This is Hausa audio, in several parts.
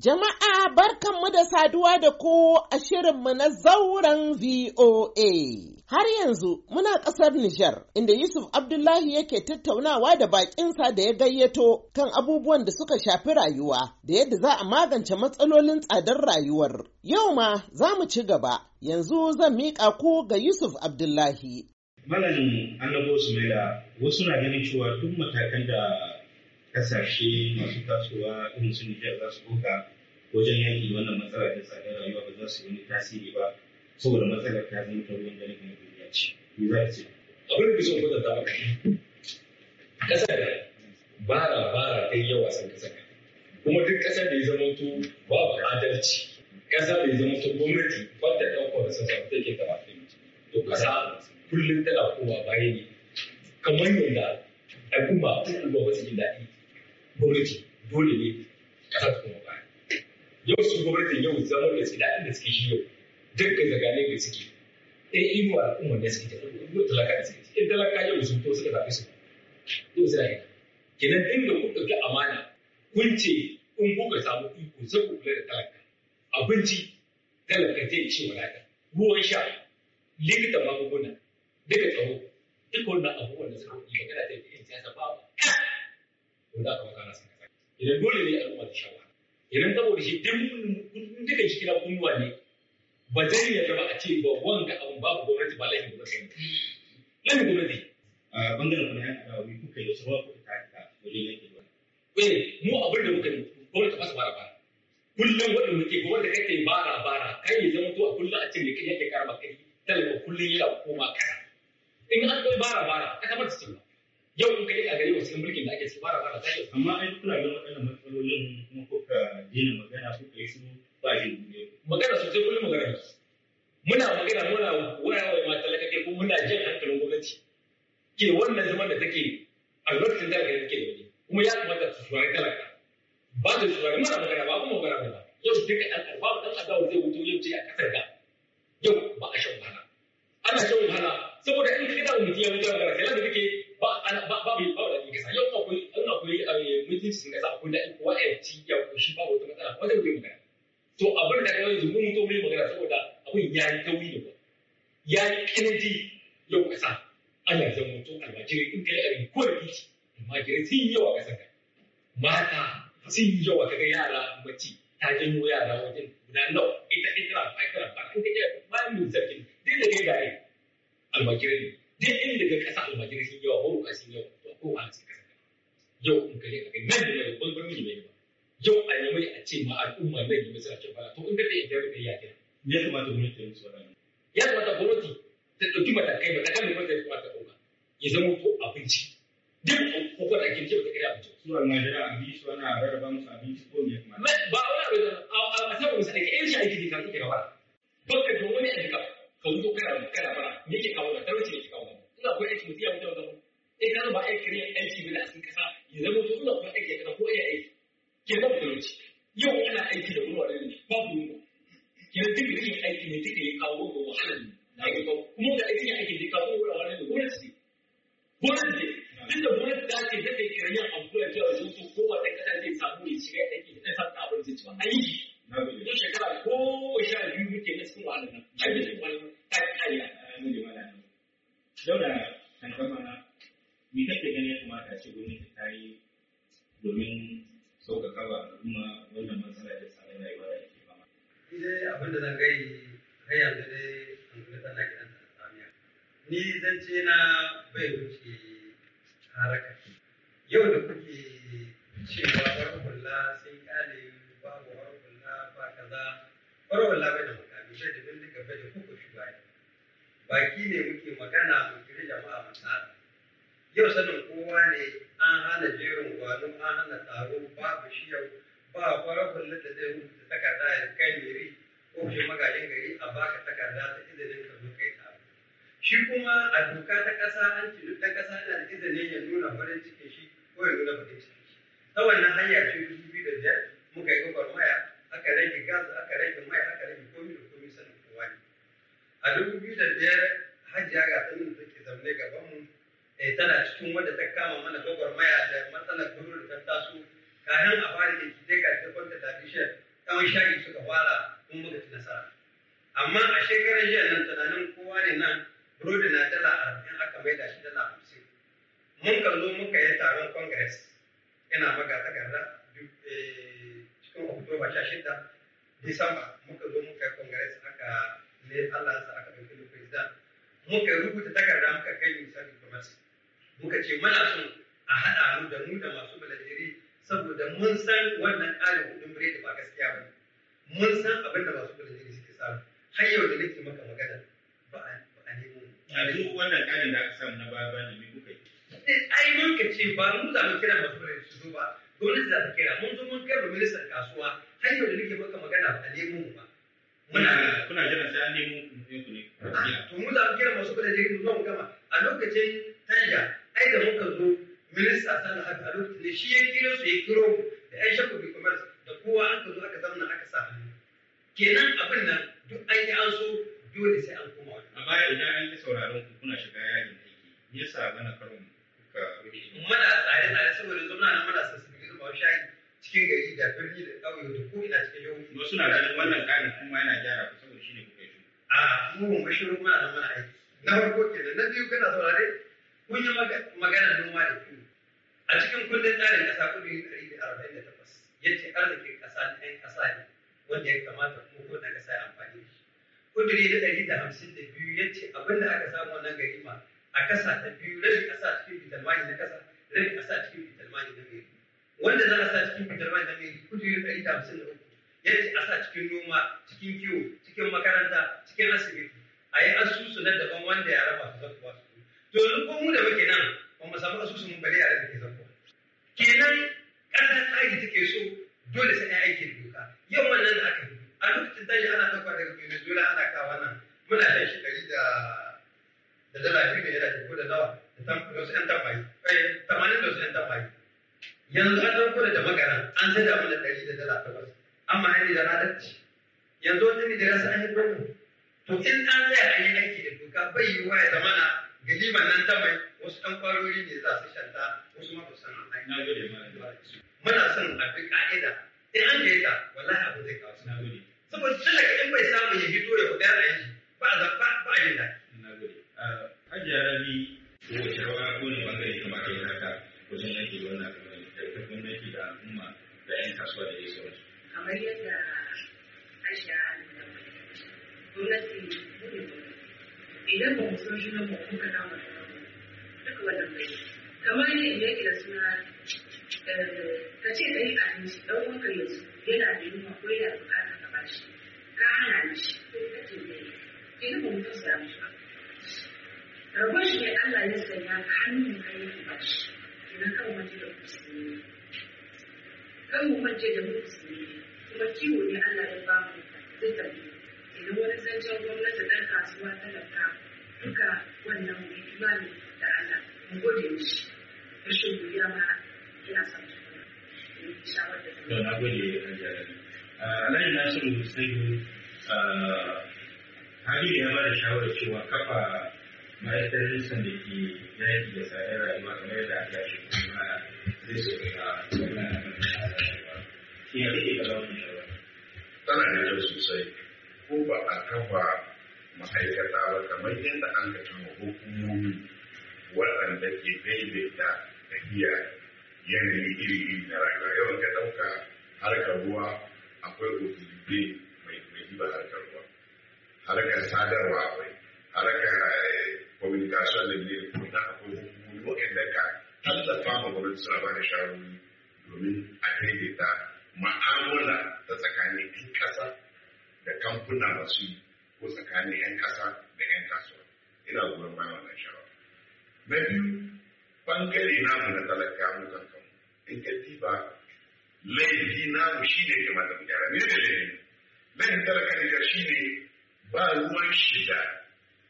Jama'a barkanmu da saduwa da ku a shirinmu na zauren VOA. Har yanzu muna ƙasar Nijar, inda Yusuf Abdullahi yake tattaunawa da baƙinsa da ya gayyato kan abubuwan da suka shafi rayuwa da yadda za a magance matsalolin tsadar rayuwar. Yau ma za mu ci gaba, yanzu zan miƙa ku ga Yusuf Abdullahi. Malamin Annabo wasu na ganin cewa duk matakan da kasashe masu tasowa irin su Nijar za su buga wajen yaki wannan matsalar ta tsadar rayuwa ba za su wani tasiri ba saboda matsalar ta zama ta ruwan dare na duniya ce. Me za ka ce? Abin da son kwatanta maka. Kasar bara bara ta yi yawa san kasar kuma duk kasar da ya zama to babu adalci kasa da ya zama to gwamnati wadda ɗaukar da sassa ta ke taɓa to kasa kullum tana kowa baya ne kamar yadda al'umma ta ba su gidaɗi. gwamnati dole ne ƙasa ta kuma baya yau su gwamnati yau zama da suke daɗin da suke shi yau dukkan zaganai da suke ɗan imu al'umma da suke tafi yau talaka da suke cikin talaka yau sun to suka zafi su yau suna yi kenan da kun ɗauki amana kun ce in kuka samu iko sai ku kula da talaka abinci talaka zai ce wadata ruwan sha likita magunguna duka tsaro duk wani abubuwan da suka yi magana da yin siyasa ba to da aka makara sun kasa idan dole ne al'umma ta shawa idan saboda shi duk duka shi kira kunnuwa ne ba zai yarda ba a ce ba wanga abun babu gwamnati ba laifin gwamnati ne laifin gwamnati a bangaren kuma ya kada wani kuka yau sabuwa kuka ta kita wajen yanke ba eh mu abin da muka yi gwamnati ba su bara ba kullum wanda muke gwamnati kake bara bara kai ya zama to a kullum a ce ne kai yake karama kai talaka kullum yana koma kana in an kai bara bara ka tabbata cewa yau in kai a gare wasu mulkin da ake ci fara fara ta amma ai kuna ga waɗannan matsalolin kuma kuka daina magana kuka yi su ba shi magana sosai kullum magana muna magana muna waya wa mata lakake ko muna jan hankalin gwamnati ke wannan zaman da take a lokacin da ake take da kuma ya kamata su shuwari talaka ba da shuwari muna magana ba kuma magana ba yau duka ɗan ƙarfa ɗan adawa zai wuce yau ce a ƙasar ga. yau ba a shan wahala ana shan wahala saboda in kana mutum ya wuce magana sai da kake ana ba ba mai ba da ke kasa yau akwai in akwai mutuncin kasa akwai da kowa ya ci ya kushi ba wata matsala wanda muke magana to abin da kawai mun mutum mai magana saboda abin ya yi tauri da ba ya yi kanaji yau kasa ana zama to almajiri in kai abin ko da kici almajiri sun yi yawa kasa mata sun yi yawa kaga yara mace ta janyo yara wajen guda nawa ita ita na duk daga ga kasa almajirai sun yawa maruka sun yawa to ko ba sai kasa yau in kaje a gani nan da mai babban birni mai ba yau a yamai a ce ma al'umma na yi masu ake fara to in da ya jami ya kira ya kamata gwamnati ta yi musu wannan ya kamata gwamnati ta ɗauki matakai matakan da ya kamata ta ɗauka ya zama ko abinci duk kokon da ake cewa ta abinci su a bi su ana rarraba musu abinci ko me ya kamata ba wani da a saba musu aiki aiki ne ka wani aiki ka kana kana kawo da talauci ne tafiya wajen gaba sai ka zama aikin yin aiki bane a kasa ya zama to ina kuma aiki ko iya aiki ke ba talauci yau ana aiki da ruwa ne babu ruwa yanzu duk da yin aiki ne duk da ya kawo ga wahalar na ga kawo kuma da aiki aiki da kawo ga wahalar ne gwamnati gwamnati duk da gwamnati ta ce da kai kiran yin abu da jawo shi ko wata kasa zai samu ya shiga aiki da ta sa ta abin zai ci aiki don shekara ko sha biyu muke na cikin aiki da wahalar ta kariya. kan mana me kake ganin ya ta a ce gwamnati ta yi domin sauƙaƙa wa al'umma wannan matsala da tsarin rayuwa da ke fama. Ni abin da zan gai har yanzu dai hankali tsalla gidan Tanzania. Ni zan ce na bai wuce haraka. Yau da kuke cewa farkulla sun kale babu farkulla ba kaza farkulla bai da makami bai da bindiga bai da kuka shugaba. Baki ne muke magana muke wa amsal yau sanin kowa ne an hana jerin gwano an hana taro babu shi yau ba farafin da zai rubuta takarda ya kai meri ko shi magajin gari a baka takarda ta izinin ka zo kai taro shi kuma a doka ta ƙasa an ci duk ta kasa na da izinin ya nuna farin cikin shi ko ya nuna farin cikin shi ta wannan hanya ce dubu biyu da biyar muka yi gwagwarmaya aka rage gas aka rage mai aka rage komi da komi sanin kowa ne a dubu biyu da biyar hajiya ga ta da take zaune gaban mu eh, tana cikin wanda ta kama mana maya da matsalar guru da ta taso kayan a fara da ke ga ta kwanta da bishiyar tsawon shayi suka fara kun muka ci nasara amma a shekarar jiya nan tunanin kowa ne nan burodi na dala arba'in aka da shi dala hamsin mun kallo muka yi taron congress yana maga gaza cikin oktoba sha shida disamba muka zo muka yi congress aka ne allah sa aka ɗauki president muka rubuta takarda muka kai misali kamar su muka ce muna son a haɗa mu da mu da masu malajiri saboda mun san wannan ƙarin kuɗin biredi ba gaskiya ba mun san abin da masu malajiri suke samu har yau da nake maka magana ba a nemo yanzu wannan ƙarin da aka samu na baya bayan me kuka yi eh, ai mun ka ce ba mu za mu kira masu malajiri su zo ba gwamnati za ta kira mun zo mun kai wa ministan kasuwa har yau da nake maka magana ba a nemo mu ba Muna kuna jiran sai an nemo kuɗin ku ne to mu za mu kira masu kuɗin jirgin zuwa mu gama a lokacin tanja ai da muka zo minista sana haka a lokacin ne shi ya kira su ya kiro da ƴan shafa bi commerce da kowa an ka zo aka zamna aka sa kenan abin nan duk an yi an so dole sai an koma wani a baya idan an yi sauraron ku kuna shiga yakin aiki me yasa mana karon kuka rubuta muna tsare tsare saboda yanzu na mana muna son su zuwa shayi cikin gari da birni da ƙauye da ko ina cikin yau wasu na ganin wannan ƙarin kuma yana gyara ku saboda shi ne kuka shi a mu mun shirin muna da mana aiki na farko kenan na biyu kana saurare kun yi magana noma da ku a cikin kundin tsarin ƙasa kudi ɗari da arba'in da takwas ya ce arzikin ƙasa da ɗan ƙasa ne wanda ya kamata kuma na ƙasa ya amfani da shi kudiri na ɗari da hamsin da biyu ya ce abin da aka samu wannan ma a ƙasa ta biyu rabi ƙasa cikin bitalmani na ƙasa rabi ƙasa cikin bitalmani na gari wanda za a sa cikin fitar mai da mai kujeri ɗari da hamsin da uku ya ce a sa cikin noma cikin kiwo cikin makaranta cikin asibiti a yi asusu na daban wanda ya raba su zakuwa to ko mu da muke nan ba mu samu asusu mun bari a da ke zafi kenan ƙasa ta take so dole sai ya aiki doka yau wannan da aka yi a lokacin tashi ana ɗauka daga dole ana kawo nan muna shan shi gari da da dala biyu da yana ko da nawa da wasu 'yan tamayi eh, tamanin da wasu 'yan tamayi yanzu an dauko da magana an sai da mana ɗari da dala takwas amma an yi da ladarci yanzu wani ne da rasa an yi gwamna to in an zai an yi aiki da doka bai yi wa ya na galiban nan ta mai wasu ɗan kwarori ne za su shanta wasu ma san an aiki. Muna son a bi ka'ida in an da wala wallahi abu zai kawo suna gode Saboda talaka in bai samu ya fito ya kuɗa a yi ba a zaɓa ba a yi da. Ah, hajjiyar Rabi, ko wace rawa ko ne bangare ta ba ta yi haka wajen yanke wannan da 'yan kasuwa da ya Kamar yadda Aisha gwamnati ne idan ba mu san wannan bai kamar yadda idan da suna ka eh, ce abinci ɗan wanka yanzu yana da yunwa ko yana ka bashi ka hana ko ka ce idan ba mu tausaya mishi ba rabon shi ne Allah ya sanya hannun kan wani da kusa ne kan mu mance da mu kuma kiwo ne Allah ya ba mu duka idan wani zancen gwamnati ɗan kasuwa ta talaka duka wannan mu imani da Allah mu gode mishi rashin godiya ma yana son shawar da su. Na gode Alhaji Nasiru Hussein Hadiru ya ba da shawarar cewa kafa ma'aikatar jinsan da ke yaki da tsadar rayuwa kamar yadda aka shi kuma zai so ka tana da yau sosai ko ba a kafa ma'aikata ba kamar yadda an ka kama hukumomi waɗanda ke daidaita tafiya yanayi iri iri na rayuwa yawan ka ɗauka harkar ruwa akwai ofisibe mai riba harkar ruwa harkar sadarwa akwai harkar eh, communication da ne kuma akwai hukumomi waɗanda ka tallafa ma gwamnati suna ba da shawarwari domin a daidaita ma'amula ta tsakanin 'yan ƙasa da kamfuna masu yi ko tsakanin 'yan ƙasa da 'yan kasuwa ina goyon bayan wannan shawar na biyu bangare namu na talaka mu kan kan in ka diba laifi namu shi ne kamar da gyara ne da ne laifin talaka ne shi ne ba ruwan shida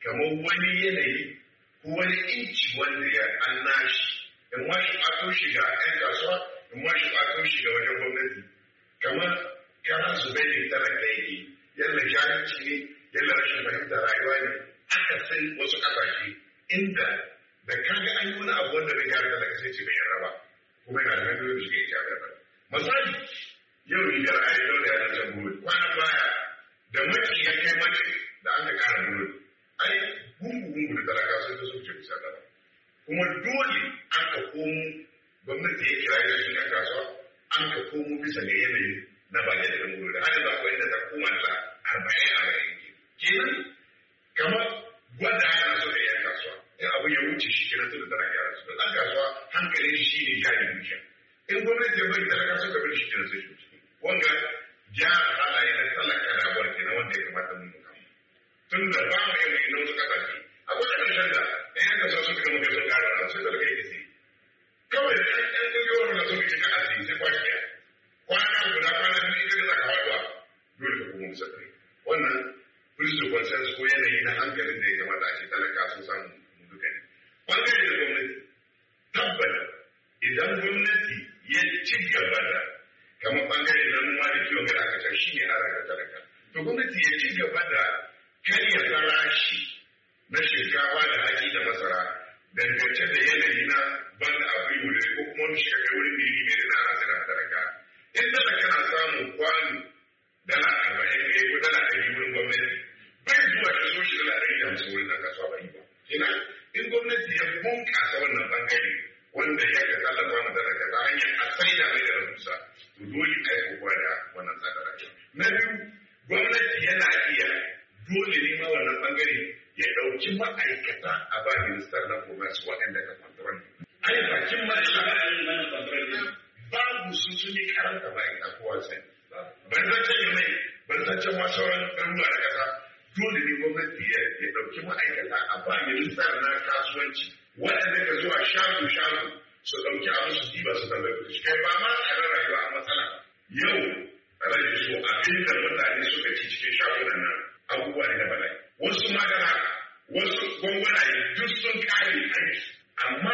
kamar wani yanayi ko wani inci wanda ya an nashi in wani ato shiga 'yan kasuwa amma shi ba shiga wajen gwamnati kamar kana su bai ne tara da yake yalla jahilci ne yalla rashin fahimta rayuwa ne aka san wasu kasashe inda da kaga an yi wani abu wanda bai gyara da sai ce bai yarda ba kuma yana da hanyoyin suke yi ba misali yau rigar da yi da ya zan buru Kwana baya da mace ya kai mace da an aka kara a ai gungu gungu da talaka sun fi sun ce bisa kuma dole aka komo gwamnati ya kira da suna kasuwa an ka komo bisa ga yanayi na ba da gudu da hada ba kwai da ta koma da arba'in arba'in kenan kamar gwada ana so da yan kasuwa in abu ya wuce shi kenan tun da tana gyara su dan kasuwa hankalin shi ne ya yi dukiya in gwamnati ya bari talaka kasuwa kamar shi kenan sai shi wanga gyara halaye na tsallaka da abuwa kenan wanda ya kamata mu yi tun da ba mu yanayi na wasu kasashe cin gaba da kamar bangare na numa da kiwon kada aka tar shi ne a ranar talaka to gwamnati ya ci gaba da karya farashi na shinkafa da haƙi da masara dangance da yanayi na ban da abin wuri ko kuma wani shekaru wani birni mai da na asira talaka in talaka na samun kwano dala arba'in ne ko dala ɗari wurin gwamnati bai zuwa da so shi dala ɗari da hamsin wurin na kasuwa yi ba. Ina in gwamnati ya bunƙasa wannan bangare wanda ya ga Allah ba mu da ta hanyar a sai da mai da rahusa to dole a yi kokowa da wannan tsadara na biyu gwamnati yana iya dole ne ma wannan bangare ya dauki ma'aikata a ba ministar na commerce waɗanda ka kwantaron ai bakin ma da ba a yi mana kwantaron babu su sun yi karanta ma'aikata kowa sai ban zace mai ban zace ma sauran ɗaruwa da ƙasa dole ne gwamnati ya dauki ma'aikata a ba ministar na kasuwanci waɗanda ka zuwa shago shago su ɗauki abu su diba su tambayi shi kai ba ma a tsarin rayuwa a matsala yau rage so abin da mutane suka ci cikin shafunan nan abubuwa ne da bala'i wasu magana wasu gwangwanaye duk sun kare aiki amma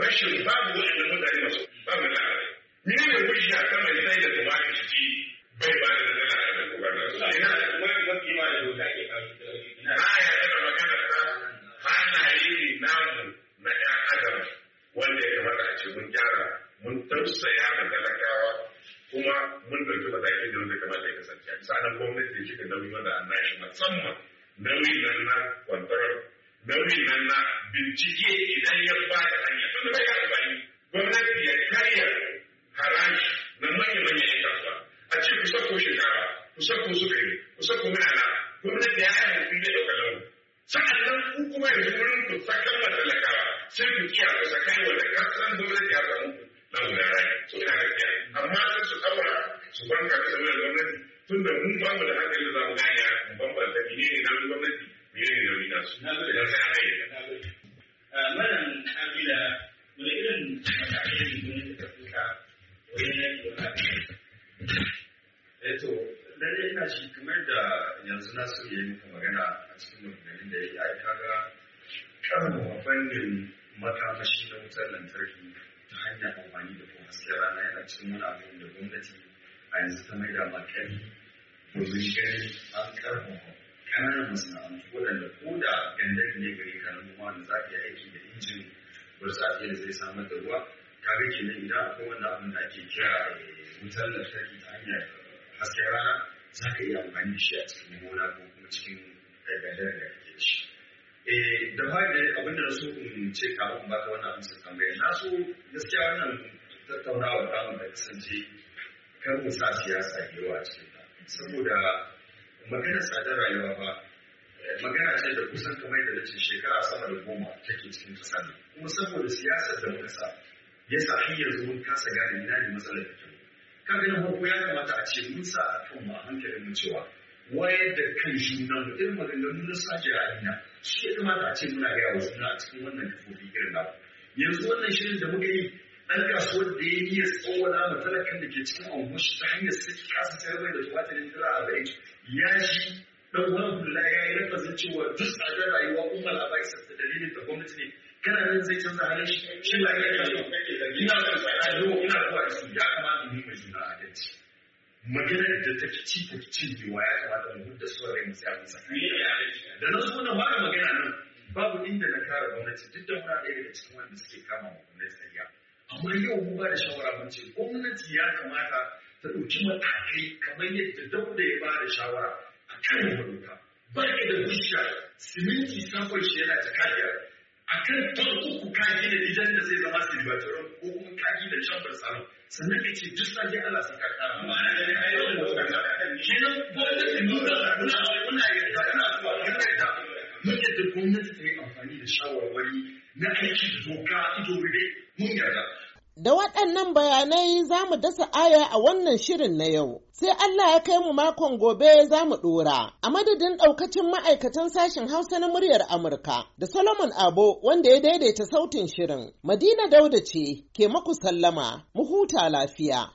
rashin babu waɗanda mutane masu babu da ni ne ya ta mai sai da tumatir ci bai ba da dala a cikin gwamnati ina da tumatir mafi ma da doka ake kasu mun gyara mun tausaya ga talakawa kuma mun ɗauki matakin da wanda kamata ya kasance sa'an gwamnati da shi da nauyi wanda an nashi musamman nauyi nan na kwantarar nauyi nan na bincike idan ya ba da hanya tun da bai amfani gwamnati ya karya haraji na manya-manya ya kasuwa a ce kusa ko shekara kusa ko sukari kusa ko minana gwamnati ya yi ya da ɗaukar launi sa'an nan kuma yanzu wurin ku da matalakawa sai ku iya kusa kai wanda ka san gwamnati ya samu na guda rai so ina gaskiya amma sai su kawara su banka da saboda gwamnati tun da mun ba mu da hankali da za mu gane mu bambanta menene na gwamnati menene na wina su idan sai aka eh, malam kabila wani irin matakai ne gwamnati ta fuka wajen eto eh, lalle ina shi kamar da yanzu na so yi maka magana a cikin maganganun da ya yi kaga sarrafa fannin makamashi na wutar lantarki ta hanyar amfani da kuma hasken rana yana cikin wani abin da gwamnati a yanzu ta mai da makari domin ganin an karfafa ƙananan masana'antu waɗanda ko da gandar ne gari ka noma da za ka yi aiki da injin burtsatse da zai samar da ruwa ka ga kenan idan akwai wanda abin da ake kira eh, wutar lantarki ta hanyar hasken rana za ka iya amfani da shi a cikin gona ko kuma cikin eh, gandar da kake da shi. Eh, da fari abinda na so in ce kafin ba ta wannan amsar tambaya na so gaskiya wannan tattaunawa ta mu da kasance kar mu sa siyasa yawa ce saboda magana tsadar rayuwa ba eh, magana ce da kusan kamar da nace shekara sama da goma take cikin kasa ne kuma saboda siyasar da muka sa ya sa har yanzu mun kasa gane ina ne matsalar da ke kan na farko ya kamata a ce mun sa a kan mu a hankalin mu cewa wayar da kan junan irin maganganu na sajiya a shi ya kamata a ce muna gaya wa suna cikin wannan kafofi irin nawa yanzu wannan shirin da muka yi ɗan kasuwar da ya iya tsawona ma talakan da ke cikin ambushi ta hanyar saki kasa ta mai da tumatirin dala a ya ji dan wani kula ya yi rafazin cewa duk tsadar rayuwa umar abaisa da dalilin da gwamnati ne kana nan zai canza halin shi shi ba ya yi ina zuwa ya kamata mu yi mai juna adalci. maganar da ta ci ta ci wa ya kamata mu da su rai musa musa da na zo na magana nan babu inda na kare gwamnati duk da muna ɗaya daga cikin wanda suke kama mu gwamnati ƙarya amma yau mu ba da shawara mun ce gwamnati ya kamata ta ɗauki matakai kamar yadda dauda ya ba da shawara a kan maruka ba ka da bishiya siminti sakon shi yana ta kariya a kan ton uku kaji da idan da zai zama silibatoron ko kuma kaji da shambar salon sannan ka ce duk sake Allah sai ka kara ma ana gani ai wannan lokacin da kan shi nan gwamnati mun ga kuna kuna yarda kana zuwa kana yarda mun yadda gwamnati ta yi amfani da shawarwari na aiki da doka ido rufe mun yarda Da waɗannan bayanai za mu dasa aya a wannan shirin na yau. Sai Allah ya kai mu makon gobe za mu ɗora. A madadin ɗaukacin ma'aikatan sashen Hausa na muryar Amurka da Solomon Abo wanda ya daidaita sautin shirin. Madina Dauda ce ke maku sallama, mu huta lafiya.